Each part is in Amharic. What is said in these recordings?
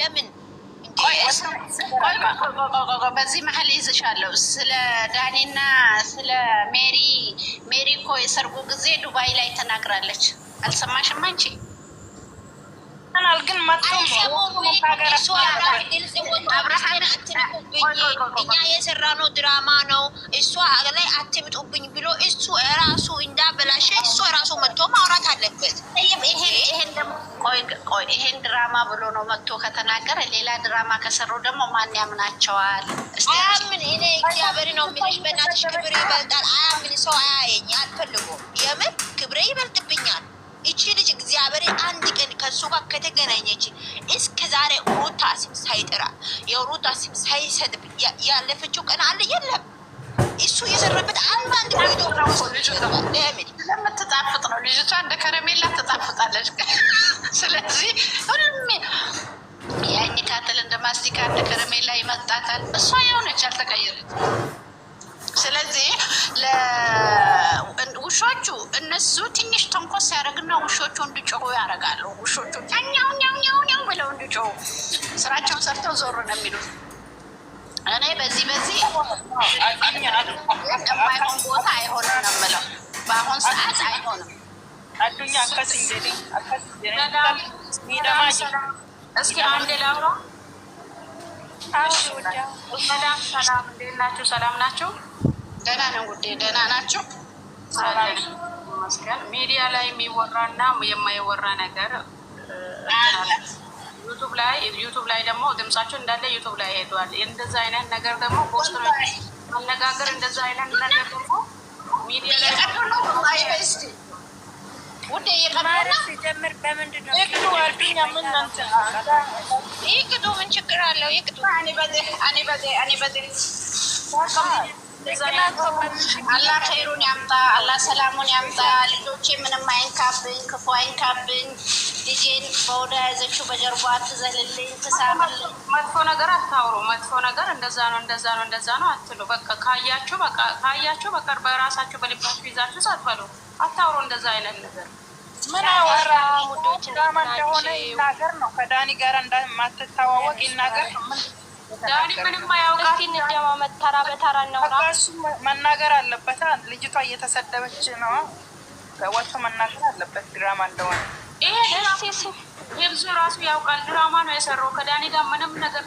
ለምን በዚህ መሀል ይዝሻለሁ። ስለ ዳኒና ስለ ሜሪ ሜሪ እኮ የሰርጉ ጊዜ ዱባይ ላይ ተናግራለች። አልሰማሽም አንቺ? ይሆናል ግን እኛ የሰራ ነው ድራማ ነው እሷ ላይ አትምጡብኝ ብሎ እሱ ራሱ እንዳበላሸ እሱ ራሱ መጥቶ ማውራት አለበት። ይሄን ድራማ ብሎ ነው መጥቶ ከተናገረ ሌላ ድራማ ከሰሩ ደግሞ ማን ያምናቸዋል? አያምን። እኔ እግዚአብሔር ነው የምልሽ፣ በእናትሽ ክብሬ ይበልጣል። አያምን። ሰው አያየኝ አልፈልጉም። የምን ክብሬ ይበልጥብኛል እቺ ልጅ እግዚአብሔር አንድ ቀን ከሱ ጋር ከተገናኘች እስከ ዛሬ ሩታ ስም ሳይጠራ የሩታ ስም ሳይሰድብ ያለፈችው ቀን አለ የለም። እሱ የሰረበት አንድ አንድ ቆይቶ ስለምትጣፍጥ ነው። ልጅቷ እንደ ከረሜላ ትጣፍጣለች። ስለዚህ ሁሉም ያኝ ያኝታትል፣ እንደ ማስቲካ እንደ ከረሜላ ይመጣታል። እሷ የሆነች አልተቀየረች። ስለዚህ ውሾቹ እነሱ ትንሽ ተንኮስ ያደርግና ውሾቹ እንዲጮሁ ያደርጋሉ። ውሾቹ ኛው ብለው እንዲጮሁ ስራቸውን ሰርተው ዞር ነው የሚሉት። እኔ በዚህ በዚህ የማይሆን ቦታ አይሆንም ነው የምለው። በአሁን ሰዓት አይሆንም። አዱኛ አከስ ሚደማ እስኪ አንዴ ላውራ። ሰላም ሰላም፣ እንዴት ናችሁ? ሰላም ናቸው። ደህና ነው ጉዴ፣ ደህና ናቸው። ሚዲያ ላይ የሚወራና የማይወራ ነገር ዩቱብ ላይ ዩቱብ ላይ ደግሞ ድምጻቸው እንዳለ ዩቱብ ላይ ሄዷል። እንደዛ አይነት ነገር ደግሞ ፖስት አነጋገር እንደዛ አይነት ነገር ደግሞ ሚዲያ ላይ ውዴ እየቀረና ሲጀምር በምንድን ነው ይቅዱ ምን ችግር አለው? ይቅዱ እኔ በዚህ እኔ በዚህ እኔ በዚህ አላህ ኸይሩን ያምጣ፣ አላህ ሰላሙን ያምጣ። ልጆቼ ምንም አይንካብኝ፣ ክፉ አይንካብኝ። ልጄን በወደ ያዘችው በጀርባ ትዘልልኝ፣ ትሳምልኝ። መጥፎ ነገር አታውሩ። መጥፎ ነገር እንደዛ ነው እንደዛ ነው እንደዛ ነው አትሉ። በቃ ካያችሁ በቃ ካያችሁ በቃ በራሳችሁ በልባችሁ ይዛችሁ ሳትበሉ አታውሩ። እንደዛ አይነት ነገር ምን አወራ ውዶች፣ እንደሆነ ይናገር ነው። ከዳኒ ጋር እንደማትታዋወቅ ይናገር ነው። ዳኒ ምንም መናገር አለበት። ልጅቷ እየተሰደበች ነው፣ ወጥቶ መናገር አለበት። ድራማ እንደሆነ ይሄ ራሱ ያውቃል። ድራማ ነው የሰራው። ከዳኒ ጋር ምንም ነገር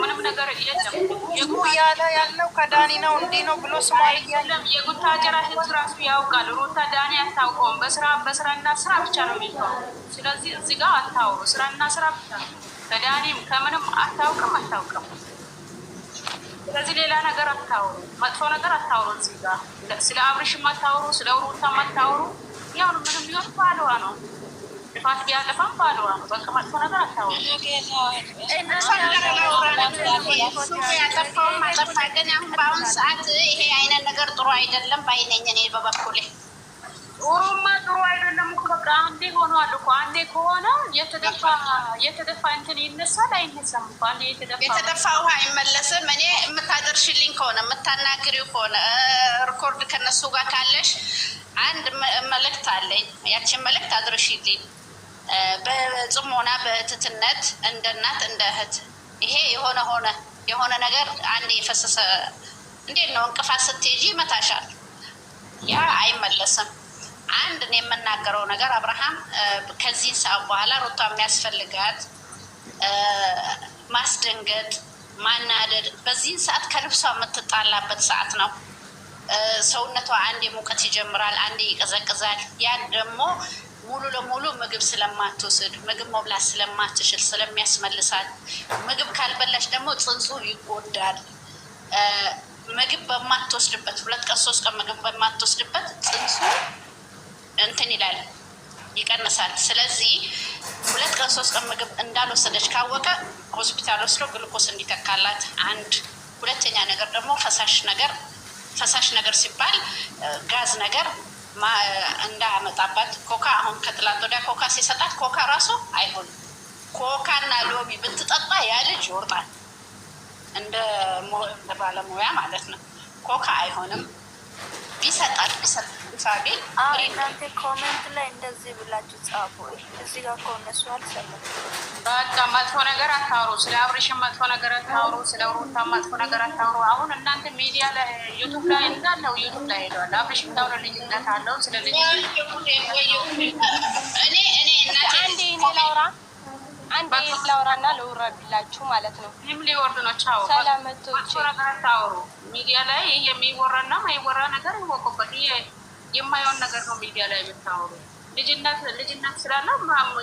ምንም ነገር የለም። ያለ ያለው ከዳኒ ነው እንዲህ ነው ብሎ ስማለም የጉታጀራ ህዝብ ራሱ ያውቃል። ሩታ ዳኒ አታውቀውም። በስራ በስራና ስራ ብቻ ነው የሚለው። ስለዚህ እዚህ ጋር አታውሩ። ስራና ስራ ብቻ ነው። ከዳኒም ከምንም አታውቅም አታውቅም ስለዚህ ሌላ ነገር አታውሩ፣ መጥፎ ነገር አታውሩ። እዚህ ጋር ስለ አብርሽም አታውሩ፣ ስለ ሩታም አታውሩ። ያው ምንም ቢሆን ባልዋ ነው፣ ልፋት ቢያጠፋም ባልዋ ነው። በቃ መጥፎ ነገር አታውሩ። ግን አሁን በአሁን ሰዓት ይሄ አይነት ነገር ጥሩ አይደለም ባይነኝ እኔ በበኩሌ ኦሮማ ጥሩ አይደለም እኮ በቃ አንዴ ሆኗል እኮ አንዴ ከሆነ የተደፋ የተደፋ እንትን ይነሳል አይነሳም እኮ አንዴ የተደፋ የተደፋ ውሃ አይመለስም። እኔ የምታደርሽልኝ ከሆነ የምታናግሪው ከሆነ ሪኮርድ ከነሱ ጋር ካለሽ አንድ መልእክት አለኝ። ያችን መልእክት አድርሽልኝ በጽሞና በእህትነት እንደ እናት እንደ እህት። ይሄ የሆነ ሆነ የሆነ ነገር አንድ የፈሰሰ እንዴት ነው እንቅፋት ስትሄጂ ይመታሻል። ያ አይመለስም። አንድ እኔ የምናገረው ነገር አብርሃም ከዚህ ሰዓት በኋላ ሩታ የሚያስፈልጋት ማስደንገጥ፣ ማናደድ በዚህን ሰዓት ከልብሷ የምትጣላበት ሰዓት ነው። ሰውነቷ አንዴ ሙቀት ይጀምራል፣ አንዴ ይቀዘቅዛል። ያን ደግሞ ሙሉ ለሙሉ ምግብ ስለማትወስድ ምግብ መብላት ስለማትችል ስለሚያስመልሳል። ምግብ ካልበላች ደግሞ ጽንሱ ይጎዳል። ምግብ በማትወስድበት ሁለት ቀን ሶስት ቀን ምግብ በማትወስድበት ጽንሱ እንትን ይላል ይቀንሳል። ስለዚህ ሁለት ቀን ሶስት ቀን ምግብ እንዳልወሰደች ካወቀ ሆስፒታል ወስዶ ግልኮስ እንዲተካላት አንድ ሁለተኛ ነገር ደግሞ ፈሳሽ ነገር ፈሳሽ ነገር ሲባል ጋዝ ነገር እንዳያመጣባት ኮካ አሁን ከትላንት ወዲያ ኮካ ሲሰጣት ኮካ ራሱ አይሆንም። ኮካና ሎሚ ብትጠጣ ያ ልጅ ይወርጣል፣ እንደ ባለሙያ ማለት ነው። ኮካ አይሆንም ቢሰጣል ቢሰጥ ለምሳሌ እናንተ ኮመንት ላይ እንደዚህ ብላችሁ ጻፉ። እዚህ ጋር እኮ እነሱ አልሰማም። በቃ መጥፎ ነገር አታውሩ፣ ስለ አብሬሽን መጥፎ ነገር አታውሩ፣ ስለ ሩታ መጥፎ ነገር አታውሩ። አሁን እናንተ ሚዲያ ላይ ዩቱብ ላይ እንዳለው ዩቱብ ላይ ሄደዋል። አብሬሽን ታውረ ልጅነት አለው ስለ ልጅ አንዴ እኔ ላውራ አንድ ላውራና ልውረድላችሁ ማለት ነው። ይህም ሊወርድ ነው። ቻው ሰላመቶች መቶች ታወሩ ሚዲያ ላይ የሚወራ የሚወራና ማይወራ ነገር ይወቁበት። የማየውን ነገር ነው ሚዲያ ላይ የምታወሩ። ልጅነት ልጅነት ስላለ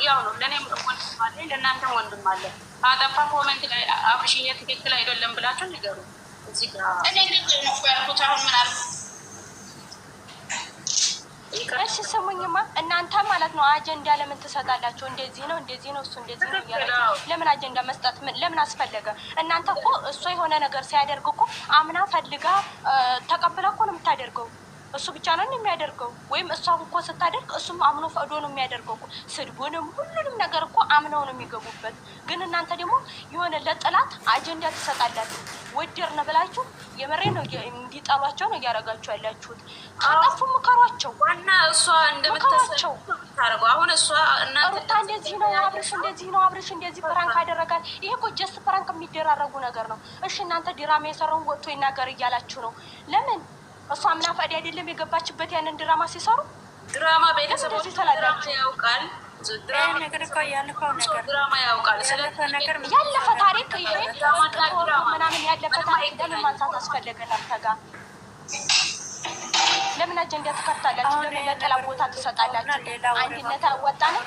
ያው ነው። ለእኔም ወንድም አለ፣ ለእናንተም ወንድም አለ። አጠፋ ኮመንት ላይ አብርሽዬ ትክክል አይደለም ብላችሁ ንገሩ። እዚህ እሺ ስሙኝማ፣ እናንተ ማለት ነው አጀንዳ ለምን ትሰጣላችሁ? እንደዚህ ነው እንደዚህ ነው እሱ እንደዚህ ነው እያለ ለምን አጀንዳ መስጠት ለምን አስፈለገ? እናንተ እኮ እሷ የሆነ ነገር ሲያደርግ እኮ አምና ፈልጋ ተቀብላ እኮ ነው የምታደርገው። እሱ ብቻ ነው የሚያደርገው። ወይም እሷም እኮ ስታደርግ እሱም አምኖ ፈቅዶ ነው የሚያደርገው እኮ። ስድቡንም ሁሉንም ነገር እኮ አምነው ነው የሚገቡበት። ግን እናንተ ደግሞ የሆነ ለጥላት አጀንዳ ትሰጣላችሁ። ወደርን ብላችሁ የመሬ ነው እንዲጠሏቸው ነው እያደረጋችሁ ያላችሁት። ካጠፉ ምከሯቸው። ዋና እሷ እንደምታሰቸው አሁን እሷ ሩታ እንደዚህ ነው አብርሽ እንደዚህ ነው አብርሽ እንደዚህ ፕራንክ አደረጋል። ይሄ እኮ ጀስት ፕራንክ የሚደራረጉ ነገር ነው። እሺ እናንተ ዲራማ የሰራውን ወጥቶ ይናገር እያላችሁ ነው ለምን እሷ ምን ላፋዴ አይደለም የገባችበት ያንን ድራማ ሲሰሩ ድራማ ቤተሰቦች ያውቃል ያለፈ ታሪክ ምናምን ያለፈ ታሪክ ለምን ማንሳት አስፈለገ? እናንተ ጋር ለምን አጀንዳ ትከፍታላችሁ? ለምን ለጠላ ቦታ ትሰጣላችሁ? አንድነት አወጣ ነው።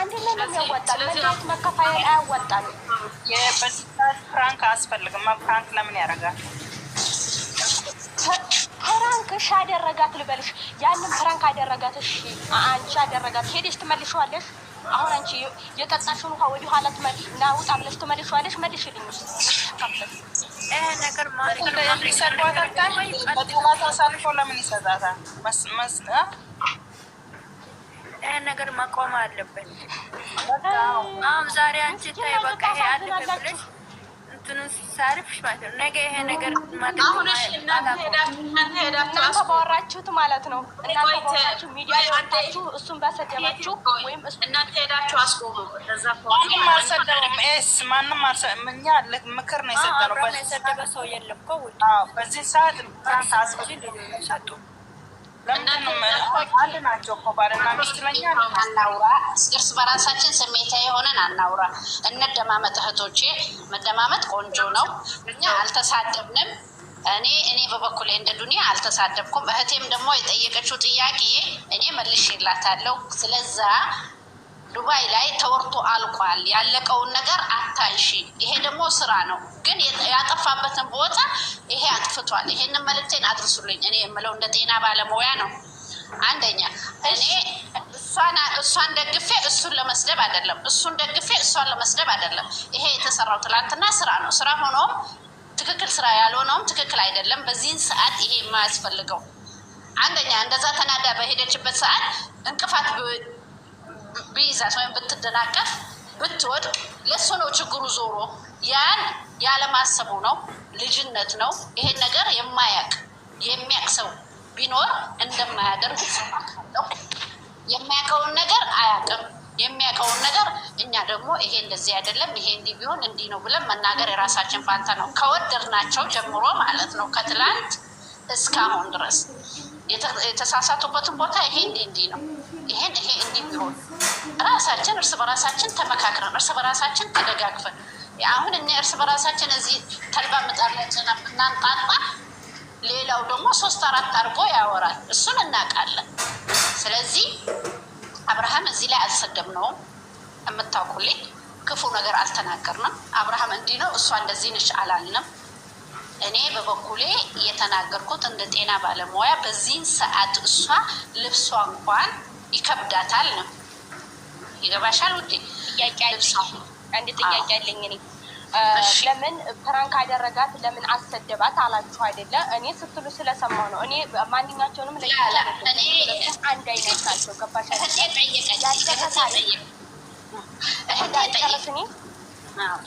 አንድነት ነው የሚያወጣል። መከፋየል አያወጣል። ፍራንክ አያስፈልግም። ፍራንክ ለምን ያደርጋል? ፍራንክ እሺ አደረጋት ልበልሽ። ያንን ፍራንክ አደረጋት። እሺ አንቺ አደረጋት ሄደሽ ትመልሸዋለሽ። አሁን አንቺ የጠጣሽውን ውሃ ወደ ኋላ ና ውጣ ብለሽ ትመልሸዋለሽ። መልሽልኝ ነገር አሳልፎ ለምን ይሰጣታል? ይሄ ነገር መቆም አለበት። አሁን ዛሬ አንቺ ታይ በቃ ይሄ አለ ብለሽ እንትኑን ሳርፍሽ ማለት ነው። ነገ ይሄ ነገር አሁን እናንተ ሄዳችሁ ባወራችሁት ማለት ነው። እናንተ ባወራችሁ ሚዲያ ወጣችሁ እሱን ባሰደባችሁ ወይም እናንተ ሄዳችሁ አስቆሙ። ማንም አልሰደበም። ኤስ ማንም አልሰደበም። እኛ ምክር ነው የሰጠነው። በዚህ ሰዓት ፍራንስ አስቆ ሰጡ አንድ ናቸው እኮ ባልና ሚስት። ለኛ አናውራ፣ እርስ በራሳችን ስሜታዊ የሆነን አናውራ፣ እንደማመጥ። እህቶቼ መደማመጥ ቆንጆ ነው። እኛ አልተሳደብንም። እኔ እኔ በበኩሌ እንደ ዱኒያ አልተሳደብኩም። እህቴም ደግሞ የጠየቀችው ጥያቄ እኔ መልሼላታለሁ። ስለዛ ዱባይ ላይ ተወርቶ አልቋል። ያለቀውን ነገር አታንሺ። ይሄ ደግሞ ስራ ነው፣ ግን ያጠፋበትን ቦታ ይሄ አጥፍቷል። ይሄንን መልእክቴን አድርሱልኝ። እኔ የምለው እንደ ጤና ባለሙያ ነው። አንደኛ እኔ እሷን ደግፌ እሱን ለመስደብ አይደለም፣ እሱን ደግፌ እሷን ለመስደብ አይደለም። ይሄ የተሰራው ትላንትና ስራ ነው። ስራ ሆኖም ትክክል ስራ ያልሆነውም ትክክል አይደለም። በዚህን ሰዓት ይሄ የማያስፈልገው አንደኛ እንደዛ ተናዳ በሄደችበት ሰዓት እንቅፋት ብይዛት ወይም ብትደናቀፍ ብትወድ የእሱ ነው ችግሩ። ዞሮ ያን ያለማሰቡ ነው፣ ልጅነት ነው። ይሄን ነገር የማያቅ የሚያቅ ሰው ቢኖር እንደማያደርግ ሰማለው የሚያውቀውን ነገር አያውቅም። የሚያውቀውን ነገር እኛ ደግሞ ይሄ እንደዚህ አይደለም፣ ይሄ እንዲህ ቢሆን እንዲህ ነው ብለን መናገር የራሳችን ፋንታ ነው። ከወደድናቸው ጀምሮ ማለት ነው ከትላንት እስካሁን ድረስ የተሳሳቱበትን ቦታ ይሄ እንዲህ እንዲህ ነው ይሄን ይሄ ቢሆን ራሳችን እርስ በራሳችን ተመካክረን እርስ በራሳችን ተደጋግፈን አሁን እኔ እርስ በራሳችን እዚህ ተልባ ምጣላችን እናንጣጣ፣ ሌላው ደግሞ ሶስት አራት አድርጎ ያወራል። እሱን እናውቃለን። ስለዚህ አብርሃም እዚህ ላይ አልሰደብነውም። የምታውቁልኝ ክፉ ነገር አልተናገርንም። አብርሃም እንዲህ ነው እሷ እንደዚህ ንሽ አላልንም። እኔ በበኩሌ የተናገርኩት እንደ ጤና ባለሙያ በዚህን ሰዓት እሷ ልብሷ እንኳን ይከብዳታል ነው። ይገባሻል ውዴ? አንድ ጥያቄ አለኝ እኔ ለምን ፕራንክ አደረጋት ለምን አሰደባት አላችሁ አይደለ? እኔ ስትሉ ስለሰማሁ ነው። እኔ ማንኛቸውንም አንድ አይነት ናቸው። ገባሽ?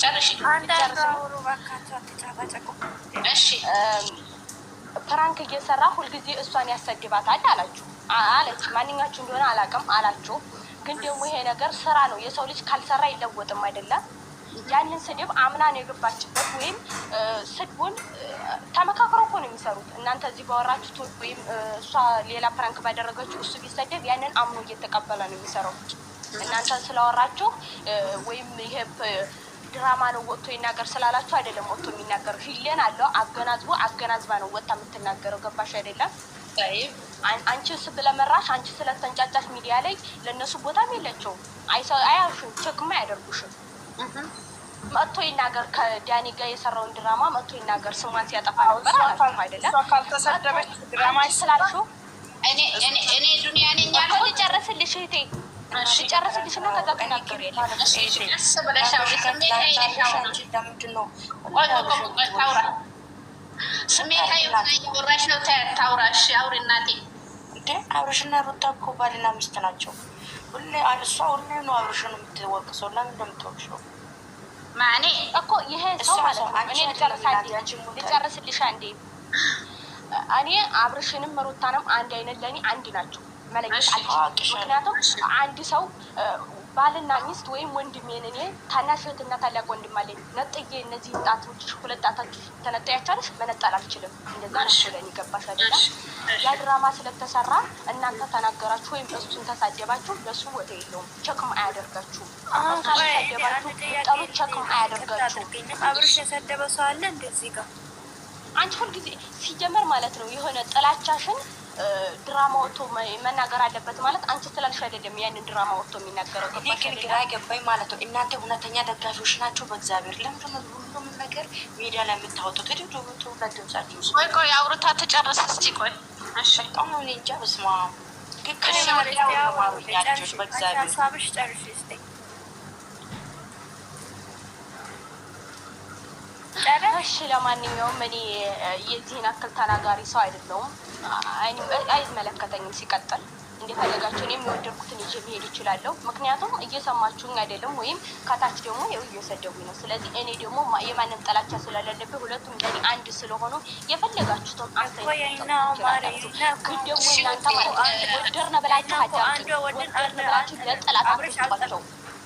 ጨርሽ ፕራንክ እየሰራ ሁልጊዜ እሷን ያሰድባታል አላችሁ አለች። ማንኛችሁ እንደሆነ አላውቅም አላችሁ። ግን ደግሞ ይሄ ነገር ስራ ነው። የሰው ልጅ ካልሰራ አይለወጥም አይደለም? ያንን ስድብ አምና ነው የገባችበት። ወይም ስድቡን ተመካክሮ እኮ ነው የሚሰሩት። እናንተ እዚህ ባወራችሁት ወይም እሷ ሌላ ፕራንክ ባደረገችው እሱ ቢሰደብ ያንን አምኖ እየተቀበለ ነው የሚሰራው። እናንተ ስላወራችሁ ወይም ይሄ ድራማ ነው ወጥቶ ይናገር ስላላችሁ አይደለም ወጥቶ የሚናገረው ሂለን አለው አገናዝቦ አገናዝባ ነው ወጥታ የምትናገረው ገባሽ አይደለም አንቺ ስለመራሽ አንቺ ስለተንጫጫሽ ሚዲያ ላይ ለእነሱ ቦታም የለቸው አያሹም ቸክማ አያደርጉሽም መጥቶ ይናገር ከዳኒ ጋር የሰራውን ድራማ መጥቶ ይናገር ስሟን ሲያጠፋ ነበር አይደለም ድራማ ስላልሽው እኔ ዱኒያ ነኝ ያልኩት ልጨርስልሽ እህቴ ጨረስልሽ አብርሽና ሩታ እኮ ባልና ሚስት ናቸው። ሁሌ እሷ ሁሌ ነው አብርሽን የምትወቅሰው። ለምን እንደምትወቅሰው ማኔ እኮ ይሄ ሰው ማለት ነው። ልጨርስልሽ አንዴ። እኔ አብርሽንም ሩታንም አንድ አይነት ለእኔ አንድ ናቸው። መለየት አልችልም። ምክንያቱም አንድ ሰው ባልና ሚስት ወይም ወንድሜ እኔ ታናሽ እህትና ታላቅ ወንድም አለኝ ነጥዬ እነዚህ ጣቶች ሁለት ተነጠያቻለሽ መነጠል አልችልም። እንደዛ ነብለን ያ ድራማ ስለተሰራ እናንተ ተናገራችሁ ወይም እሱን ተሳደባችሁ ለሱ ወደ የለውም ቸክም አያደርጋችሁ አሁን ካላደባችሁ ጠሩ ቸክም አብርሽ የሰደበ ሰው አለ እንደዚህ ጋር አንቺ ሁልጊዜ ሲጀመር ማለት ነው የሆነ ጥላቻሽን ድራማ ወጥቶ መናገር አለበት ማለት አንቺ ትላልሽ አይደለም። ያንን ድራማ ወጥቶ የሚናገረው እኔ ግን ግራ ገባኝ ማለት ነው። እናንተ እውነተኛ ደጋፊዎች ናቸው። በእግዚአብሔር ለምንድን ነው ሁሉም ነገር ሚዲያ ላይ የምታወጡት? ድምዱ ሁለት ድምጻችሁ ቆይ ቆይ አውርታ ተጨረሰ። እስቲ ቆይ በጣም እኔ እንጃ። በስመ አብ ግን ከማሪያ ማሩኛቸው በእግዚአብሔር እሺ ለማንኛውም እኔ የዚህን አክል ተናጋሪ ሰው አይደለውም፣ አይመለከተኝም። ሲቀጥል እንደፈለጋቸው እኔም የወደድኩትን ይዤ መሄድ እችላለሁ። ምክንያቱም እየሰማችሁኝ አይደለም ወይም ከታች ደግሞ ው እየሰደቡኝ ነው። ስለዚህ እኔ ደግሞ የማንም ጠላቻ ስላለለብኝ ሁለቱም ለኔ አንድ ስለሆኑ የፈለጋችሁትን አንተ ደግሞ እናንተ ማለት ወደድን ብላችሁ አዳምጡ፣ ወደድን ብላችሁ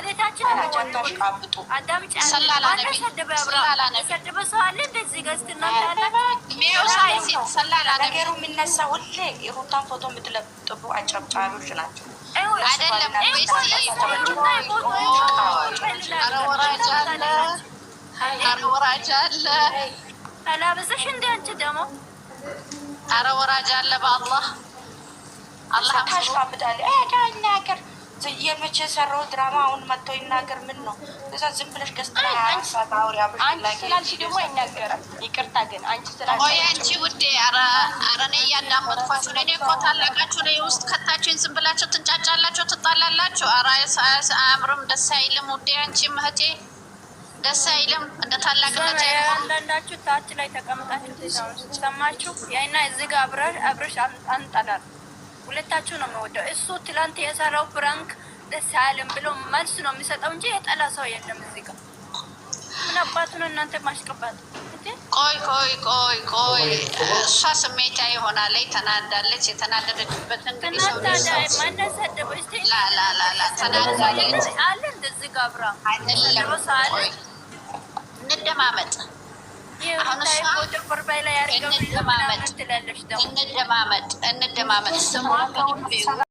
ነገሩ ወራጅ አለ በአላህ አላህ የመቼ የሰራው ድራማ አሁን መጥቶ ይናገር። ምን ነው እዛ ዝም ብለሽ አንቺ ስላልሽ ደግሞ አይናገርም። ይቅርታ ግን አንቺ ስላልሽ ውዴ፣ ኧረ እኔ እያዳመጥኳችሁ እኔ እኮ ታላቃችሁ ነው ውስጥ ከታችሁኝ። ዝም ብላችሁ ትንጫጫላችሁ፣ ትጣላላችሁ። ኧረ አያምርም፣ ደስ አይልም። ውዴ አንቺ እህቴ ደስ አይልም። እንደ ታላቅነት አንዳንዳችሁ ታች ላይ ተቀምጣችሁ ሰማችሁ። ያይና እዚህ ጋር አብረሽ አንጠላል ሁለታቸው ነው የሚወደው። እሱ ትላንት የሰራው ፕራንክ ደስ አያለም ብሎ መልስ ነው የሚሰጠው እንጂ የጠላ ሰው የለም እዚህ ጋር። ምን አባቱ ነው እናንተ ማሽቀባት? ቆይ ቆይ ቆይ ቆይ፣ እሷ ስሜታ ይሆናለች፣ ተናዳለች። የተናደደችበት እንግዲህ ሰው ተናዳለች እንደዚህ ጋብራ አይደለም እንደማመጥ እንለማመድ እንለማመድ እንለማመድ